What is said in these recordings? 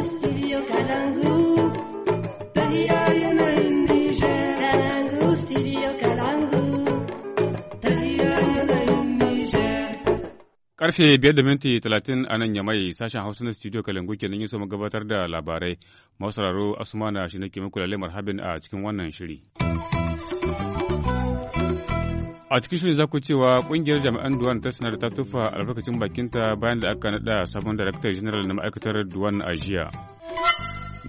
studio Karfe biyar da minti talatin a nan yamai sashen Hausa na studio Kalangu kenan yi mu gabatar da labarai. Masu sauraro Asuma na shi nake muku lalle marhabin a cikin wannan shiri. a cikin shirin za ku cewa kungiyar jami'an duwan ta sanar ta tufa albarkacin bakinta bayan da aka naɗa sabon daraktar general na ma'aikatar duwan a jiya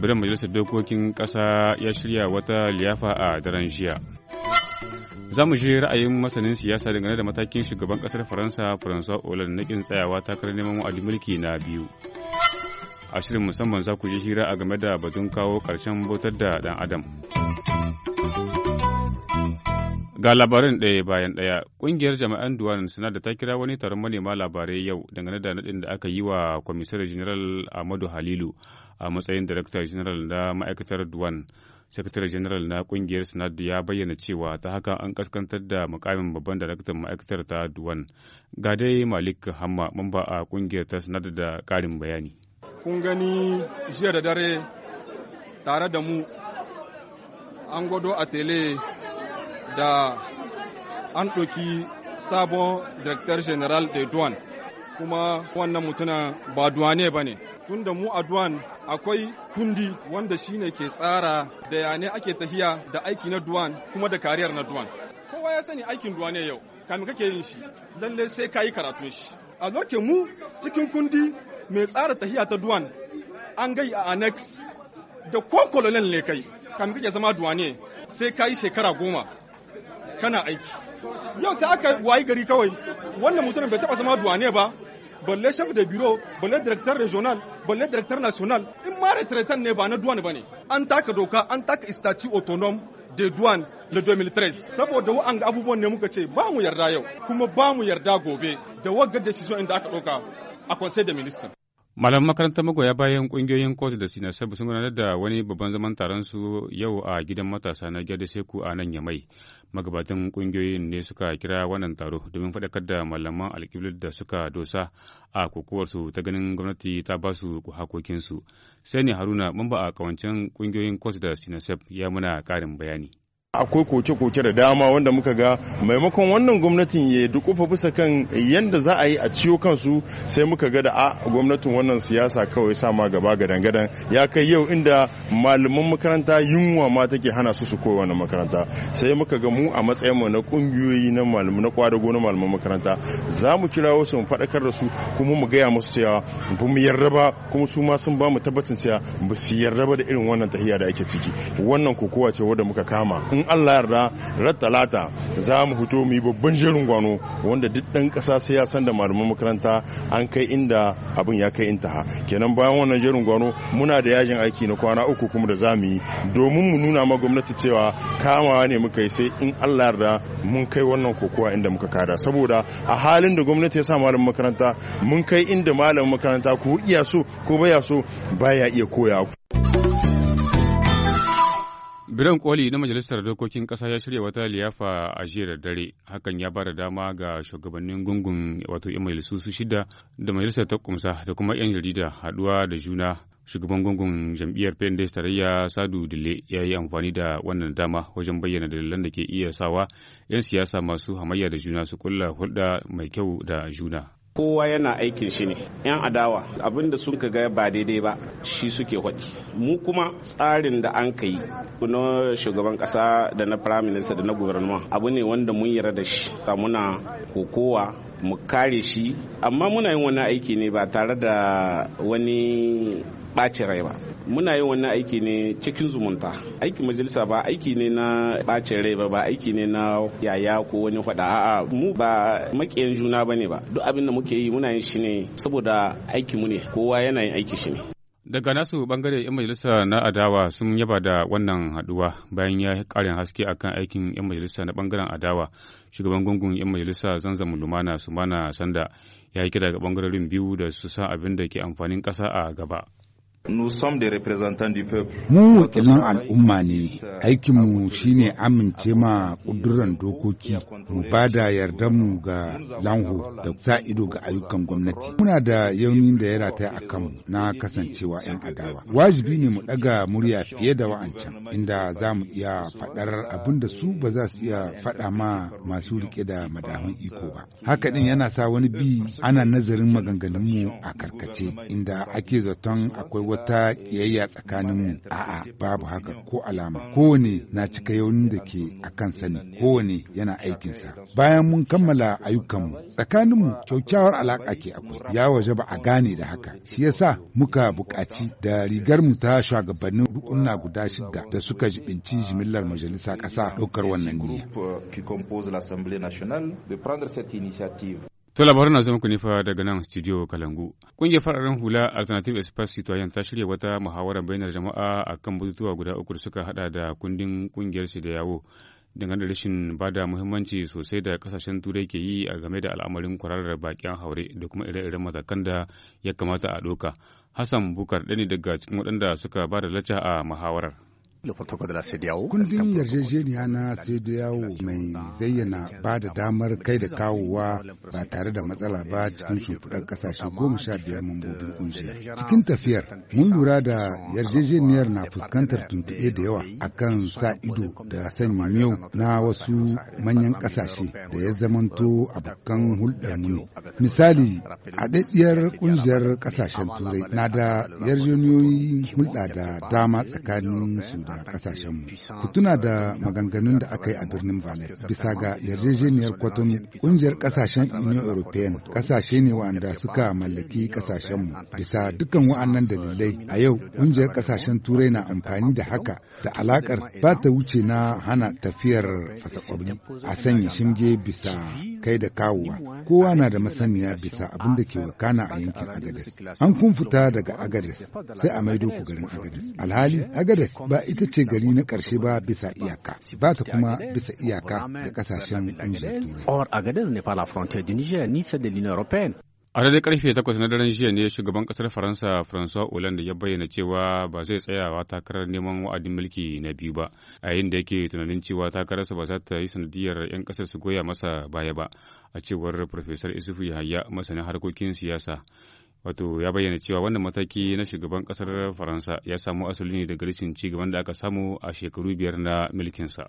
birnin majalisar dokokin ƙasa ya shirya wata liyafa a daren jiya za mu je ra'ayin masanin siyasa dangane da matakin shugaban ƙasar faransa faransa oland na ƙin tsayawa takarar neman wa'adin mulki na biyu a shirin musamman za ku je hira a game da batun kawo ƙarshen bautar da ɗan adam Ga labarin ɗaya bayan ɗaya, ƙungiyar jama'an Duwan da ta kira wani taron manema labarai yau dangane da naɗin da aka yi wa kwamisar General Ahmadu Halilu a matsayin Darakta General na ma'aikatar Duwan. Sakatare General na ƙungiyar Sanada ya bayyana cewa ta haka an kaskantar da mukamin babban daraktan ma'aikatar ta Duwan. Ga dai Malik Hamma, mamba a ƙungiyar ta Sanada da ƙarin bayani. Kun gani jiya da dare tare da mu an gwado a tele da an ɗauki sabon director general de duwan kuma wannan mutumin ba duwane ba ne tunda mu a duwan akwai kundi wanda shi ne ke tsara da yane ake tahiya da aiki na duwan kuma da kariyar na duwan kowa ya sani aikin duwane yau kamin kake yin shi lalle sai ka yi karatun shi a lokacin mu cikin kundi mai tsara tahiya ta duwan an gai a annex da ko kolonel ne kai kamin kake zama duwane sai ka yi shekara goma kana aiki yau sai aka wayi gari kawai wannan mutumin bai taba zama duwane ba balle chef de bureau balle directeur régional balle directeur national in ma retraitant ne ba na duwane bane an taka doka an taka statut autonome de douane na 2013 saboda ga abubuwan ne muka ce ba mu yarda yau kuma ba mu yarda gobe da wagga decision inda aka doka a conseil de ministre Malaman makarantar magoya bayan kungiyoyin kotu da sinasab sun gudanar da wani babban zaman taron su yau a gidan matasa na da seku a nan yamai. Magabatan kungiyoyin ne suka kira wannan taro domin faɗakar da malaman alƙiblar da suka dosa a su ta ganin gwamnati ta ba su hakokinsu. Sai ne Haruna mamba a kawancen kungiyoyin kotu da sinasab ya muna ƙarin bayani. akwai koke-koke da dama wanda muka ga maimakon wannan gwamnatin ya dukufa bisa kan yadda za a yi a ciwo kansu sai muka ga da a gwamnatin wannan siyasa kawai sama gaba ga gadan ya kai yau inda malaman makaranta yunwa ma take hana su su koyi wannan makaranta sai muka ga mu a matsayin mu na kungiyoyi na malamu na kwadago na malaman makaranta za mu kira wasu mu faɗakar da su kuma mu gaya musu cewa ba mu yarda ba kuma su ma sun ba mu tabbacin cewa ba su yarda ba da irin wannan tahiya da ake ciki wannan kokowa ce wadda muka kama in Allah yarda ran talata za mu fito mu yi babban jerin gwano wanda duk dan kasa sai ya san da malaman makaranta an kai inda abin ya kai intaha kenan bayan wannan jerin gwano muna da yajin aiki na kwana uku kuma da za mu yi domin mu nuna ma gwamnati cewa kamawa ne muka yi sai in Allah yarda mun kai wannan kokowa inda muka kada saboda a halin da gwamnati ya sa malamin makaranta mun kai inda malamin makaranta ku iya so ko baya so baya iya koya Biran koli na Majalisar Dokokin Ƙasa ya shirya wata liyafa a jiya da dare, hakan ya ba da dama ga shugabannin gungun wato 'yan majalisu su shida da majalisar ta kumsa da kuma 'yan jarida haɗuwa da juna. Shugaban gungun jam'iyyar PNDS tarayya Sadu Dile ya yi amfani da wannan dama wajen bayyana dalilan da ke iya sawa 'yan siyasa masu hamayya da juna su kulla hulɗa mai kyau da juna. kowa yana aikin shi ne yan adawa abin da sun ga ba daidai ba shi suke haɗi mu kuma tsarin da an kai na shugaban ƙasa da na firaminista da na gubernuma abu ne wanda mun yarda da shi muna kokowa mu kare shi amma muna yin wani aiki ne ba tare da wani ɓaci rai ba muna yin wannan aiki ne cikin zumunta aiki majalisa ba aiki ne na ɓaci rai ba ba aiki ne na yaya ko wani faɗa a mu ba makiyan juna ba ne ba duk abin da muke yi muna yin shi ne saboda aiki mu ne kowa yana yin aiki shi ne daga nasu bangare 'yan majalisa na adawa sun yaba da wannan haduwa bayan ya karin haske akan aikin 'yan majalisa na bangaren adawa shugaban gungun 'yan majalisa zanzan lumana sumana sanda ya yi kira ga bangarorin biyu da su sa abin da ke amfanin kasa a gaba Mu wakilan al'umma ne, aikinmu shine amince ma ƙuduran dokoki, mu ba da yardarmu ga lanho da sa ido ga ayyukan gwamnati. Muna da yaunin da ya rataya a kanmu na kasancewa 'yan adawa. Wajibi ne mu ɗaga murya fiye da wa'ancan, inda za mu iya faɗar abin da su ba za su iya faɗa ma masu riƙe da madahun iko ba. Haka ɗin yana sa wani bi ana nazarin maganganunmu a karkace, inda ake zaton akwai wata tsakanin mu a'a babu haka ko alama kowane na cika yawan da ke a kan sani kowane yana aikinsa bayan mun kammala ayyukanmu mu kyakkyawar alaƙa ke akwai ya waje ba a gane da haka shi yasa muka buƙaci da rigar mu ta shugabannin rukunna guda shida da suka jibinci jimillar majalisa ƙasa ɗaukar wannan niyya. To labarin na zama ku daga nan studio Kalangu. Kungiyar fararen hula Alternative Express Citoyen ta shirya wata muhawara bainar jama'a a kan bututuwa guda uku da suka hada da kundin kungiyar su da yawo dangane da rashin da muhimmanci sosai da kasashen turai ke yi a game da al'amarin kwararar bakin haure da kuma ire-iren matakan da ya kamata a doka. Hassan Bukar ɗani daga cikin waɗanda suka ba da lacca a muhawarar. Kundin yarjejeniya na yawo mai zayyana ba da damar kai da kawowa ba tare da matsala ba cikin shimfiɗar ƙasashe goma sha biyar mambobin ƙungiyar. Cikin tafiyar mun lura da yarjejeniyar na fuskantar tuntuɓe da yawa a kan sa ido da sanya miyau na wasu manyan ƙasashe da ya zamanto abokan hulɗar mu ne. Misali, haɗaɗɗiyar ƙungiyar ƙasashen Turai na da yarjejeniyoyin hulɗa da dama tsakanin su da kasashenmu. Ku tuna da maganganun da aka yi a birnin Valet bisa ga yarjejeniyar kwatun kungiyar kasashen Union European kasashe ne waɗanda suka mallaki kasashenmu. Bisa dukkan wa'annan dalilai a yau kungiyar kasashen Turai na amfani da haka da alakar ba ta wuce na hana tafiyar fasakwabni a sanya shimge bisa kai da kawowa. Kowa na da masaniya bisa abin da ke wakana a yankin Agades. An kun fita daga Agades sai a maido ku garin Agades. Alhali Agades ba ita ce gari na ƙarshe ba bisa iyaka, ba ta kuma bisa iyaka da ƙasashen Nijar. A daidai karfe takwas na daren jiya ne shugaban kasar Faransa François Hollande ya bayyana cewa ba zai tsayawa takarar neman wa'adin mulki na biyu ba, a yayin da yake tunanin cewa takararsa ba za ta yi sanadiyar 'yan kasar su goya masa baya ba, a cewar Profesor Isufu Yahaya masanin harkokin siyasa. wato ya bayyana cewa wannan mataki na shugaban kasar faransa ya samu asali ne daga rashin ci gaban da aka samu a shekaru biyar na mulkinsa.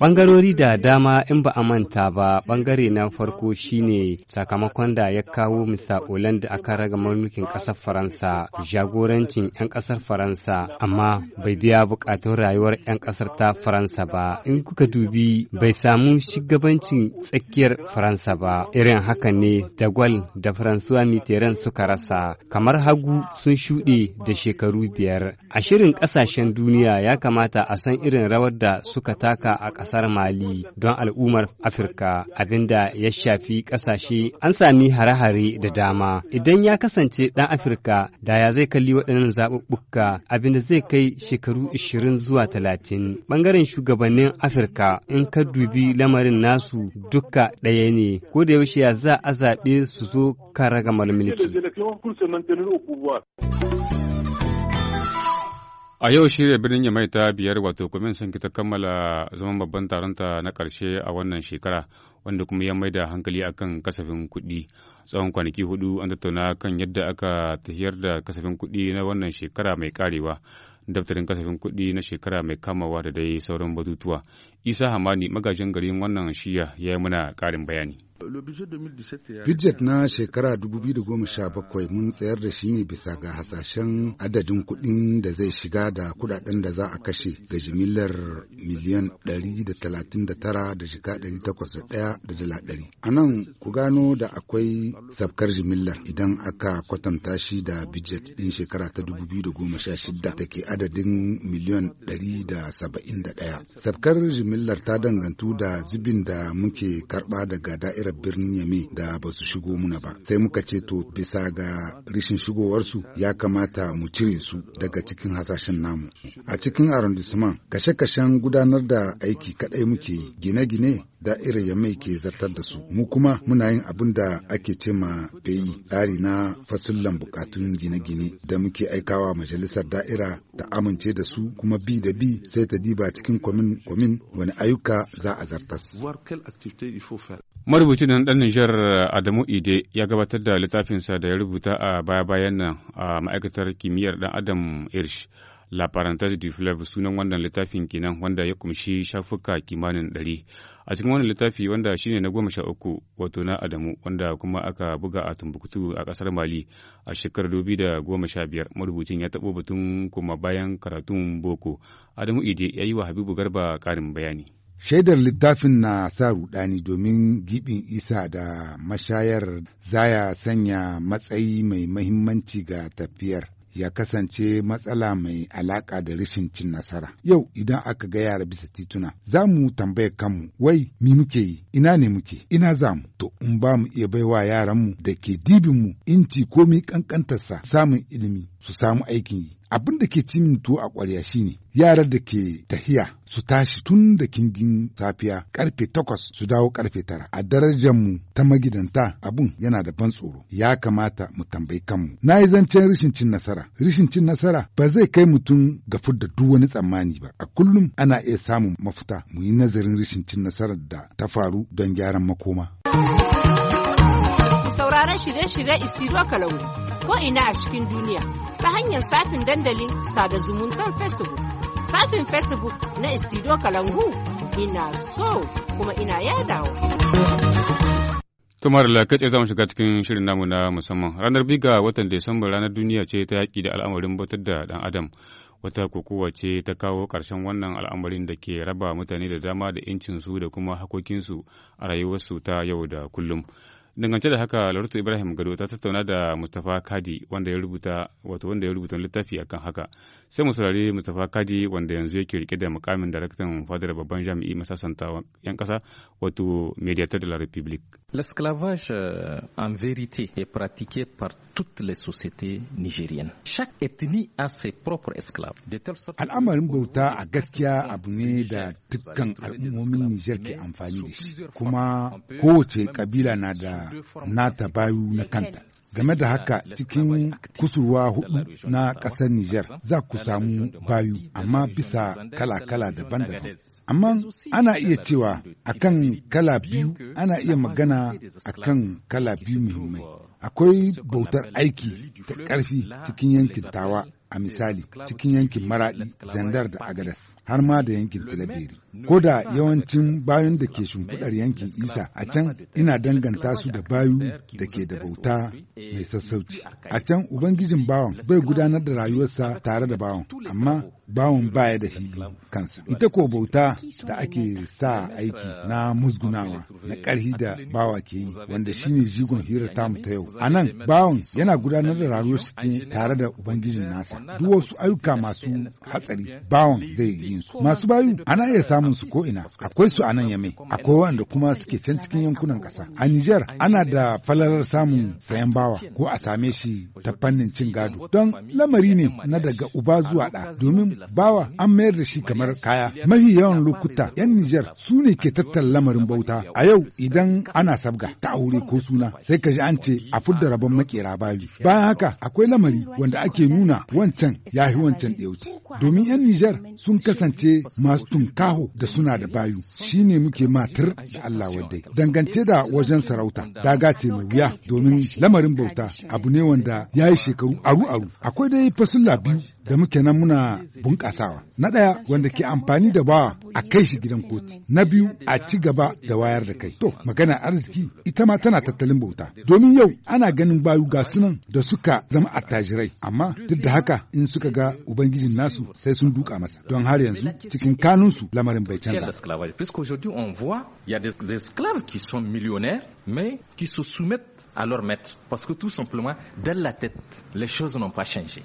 Bangarori da dama in ba a manta ba bangare na farko shine sakamakon da ya kawo Mr. Hollande aka raga mulkin ƙasar Faransa jagorancin 'yan ƙasar Faransa amma bai biya buƙatun rayuwar 'yan ƙasar ta Faransa ba in kuka dubi bai samu shugabancin tsakiyar Faransa ba irin haka ne da gwal da Faransuwa Mitterrand suka rasa kamar hagu sun shuɗe da shekaru biyar a shirin ƙasashen duniya ya kamata a san san irin rawar da suka taka a ƙasar Mali don al'ummar Afirka abinda ya shafi ƙasashe an sami hare-hare da dama. Idan ya kasance ɗan Afirka da ya zai kalli waɗannan zaɓuɓɓuka abinda zai kai shekaru 20 zuwa 30. Ɓangaren shugabannin Afirka in ka dubi lamarin nasu duka ɗaya ne ko da yaushe ya za a zaɓe su zo kan ragamar mulki. A yau shirya birnin Yamai ta biyar wato kumin sun ta kammala zaman babban taronta na ƙarshe a wannan shekara wanda kuma ya maida hankali akan kasafin kuɗi. Tsawon kwanaki hudu an tattauna kan yadda aka tahiyar da kasafin kuɗi na wannan shekara mai karewa, daftarin kasafin kuɗi na shekara mai kamawa da dai sauran batutuwa. Isa Hamani magajin garin wannan shiya ya yi mana ƙarin bayani. Bidjet na shekara 2017 mun tsayar da shi ne bisa ga hasashen adadin kuɗin da zai shiga da kuɗaɗen da za a kashe ga jimillar miliyan 139 da shiga 801 A nan ku gano da akwai sabkar jimillar idan aka kwatanta shi da bidjet ɗin shekara ta 2016 da ke adadin miliyan 171. Sabkar jimillar ta dangantu da zubin da muke karɓa daga da'irar tsakiyar birnin Yame da ba su shigo muna ba. Sai muka ce to bisa ga rishin shigowarsu ya kamata mu cire su daga cikin hasashen namu. A cikin arrondissement kashe-kashen gudanar da aiki kaɗai muke yi gine-gine da'irar Yame ke zartar da su. Mu kuma muna yin abin da ake ce ma yi e tsari na fasullan bukatun gine-gine da muke aikawa majalisar da'ira ta amince da su kuma bi da bi sai ta diba cikin kwamin-kwamin wani ayyuka za a zartas. marubuci nan ɗan Nijar Adamu Ide ya gabatar da littafinsa da ya rubuta a baya-bayan nan a ma'aikatar kimiyyar ɗan Adam Irsh. La Parentage du Fleuve sunan wannan littafin kenan wanda ya kumshi shafuka kimanin ɗari. A cikin wannan littafi wanda shine na goma sha uku wato na Adamu wanda kuma aka buga a Tumbuktu a ƙasar Mali a shekarar dubi da goma sha biyar marubucin ya taɓo batun kuma bayan karatun boko. Adamu Ide ya yi wa Habibu Garba ƙarin bayani. Shaidar littafin na sa rudani domin gibin isa da mashayar zaya sanya matsayi mai mahimmanci ga tafiyar. ya kasance matsala mai alaƙa da rashin cin nasara. Yau idan aka ga yara bisa tituna, za mu tambaya kanmu, wai mi muke yi, ina ne muke, ina za mu, to in ba mu iya baiwa yaranmu da ke dibinmu inci komi ƙanƙantarsa samun ilimi su samu aikin yi. abin da ke cin tuwo a ƙwarya shine yaran da ke tahiya su tashi tun da kingin safiya karfe takwas su dawo karfe tara a darajar mu ta magidanta abun yana da ban tsoro ya kamata mu tambayi kanmu na yi zancen rishin cin nasara rishin cin nasara ba zai kai mutum ga da duk wani tsammani ba a kullum ana iya samun mafita mu yi nazarin rishin cin nasarar da ta faru don gyaran makoma. ku sauraron shirye-shirye Isiro Kalau ko ina a cikin duniya ta hanyar safin dandalin sada zumuntar Facebook. Safin Facebook na Isiro Kalangu ina so kuma ina yadawa. Tumar lakace za shiga cikin shirin namu na musamman. Ranar biga watan Desamba ranar duniya ce ta yaƙi da al'amarin batar da ɗan Adam. wata kokowa ce ta kawo ƙarshen wannan al'amarin da ke raba mutane da dama da 'yancinsu da kuma hakokinsu a rayuwarsu ta yau da kullum. dangance da haka lauratu ibrahim gado ta tattauna da mustapha kadi wanda ya rubuta wato wanda ya rubuta littafi akan haka sai mu saurari mustapha kadi wanda yanzu yake rike da mukamin daraktan fadar babban jami'i masasanta yan kasa wato mediator de la republique l'esclavage euh, en vérité est pratiqué par toutes les sociétés nigériennes chaque ethnie a ses propres esclaves al'amarin bauta a gaskiya abu ne da dukkan al'ummomin nijar ke amfani da shi kuma kowace kabila na da nata bayu na kanta. game da haka cikin kusurwa hudu na ƙasar Nijar za ku samu bayu amma bisa kala-kala daban-daban. Amma ana iya cewa a kan kala biyu ana iya magana a kan kala biyu muhimmai. Akwai bautar aiki ta ƙarfi cikin yankin tawa a misali cikin yankin maraɗi zandar da agadas har ma da yankin tilaberi ko da yawancin bayan da ke shimfiɗar yankin isa a can ina danganta su da bayu da ke da bauta mai sassauci a can ubangijin bawan bai gudanar da rayuwarsa tare da bawan amma bawan baya da hili kansa ita ko bauta da ake sa aiki na musgunawa na ƙarhi da bawa ke yi wanda shine jigon hira tamu ta yau a nan bawan yana gudanar da rayuwarsa tare da ubangijin nasa duk wasu ayyuka masu hatsari bawan zai yi su masu bayu ana iya samun su ko ina akwai su a nan yame akwai wanda kuma suke can cikin yankunan ƙasa a Nijar ana da falalar samun sayan bawa ko a same shi ta fannin cin gado don lamari ne na daga uba zuwa ɗa domin bawa an mayar da shi kamar kaya mafi yawan lokuta 'yan Nijar su ne ke tattalin lamarin bauta a yau idan ana sabga ta aure ko suna sai ka ji an ce a fudda rabon makera bayu bayan haka akwai lamari wanda ake nuna wancan yahi wancan ɗauci domin 'yan Nijar sun kasance kasance masu tunkaho da suna da bayu shi ne muke matar da Allah wadai dangance da wajen sarauta daga ce mai wuya domin lamarin bauta abu ne wanda ya yi shekaru aru aru akwai dai fasulla biyu da muke nan muna bunƙasawa na ɗaya wanda ke amfani da bawa a kai shi gidan kotu na biyu a ci gaba da wayar da kai to magana arziki ita ma tana tattalin bauta domin yau ana ganin bayu ga sunan da suka zama attajirai amma duk da haka in suka ga ubangijin nasu sai sun duka masa don har C'est sur Puisqu'aujourd'hui on voit, il y a des esclaves qui sont millionnaires, mais qui se soumettent à leur maître. Parce que tout simplement, dans la tête, les choses n'ont pas changé.